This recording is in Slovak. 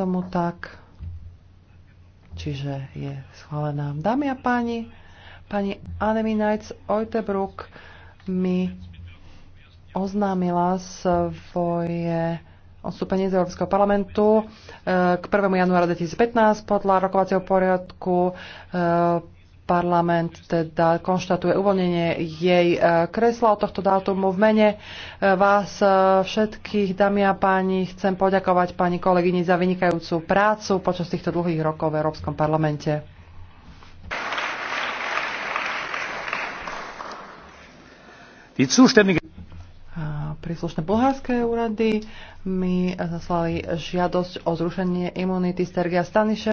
tomu tak. Čiže je schválená. Dámy a páni, pani Anemi Nights Oitebruk mi oznámila svoje odstúpenie z Európskeho parlamentu eh, k 1. januára 2015 podľa rokovacieho poriadku eh, parlament teda konštatuje uvoľnenie jej e, kresla od tohto dátumu. V mene e, vás e, všetkých, dámy a páni, chcem poďakovať pani kolegyni za vynikajúcu prácu počas týchto dlhých rokov v Európskom parlamente. Príslušné bulharské úrady mi zaslali žiadosť o zrušenie imunity Sergia Staniše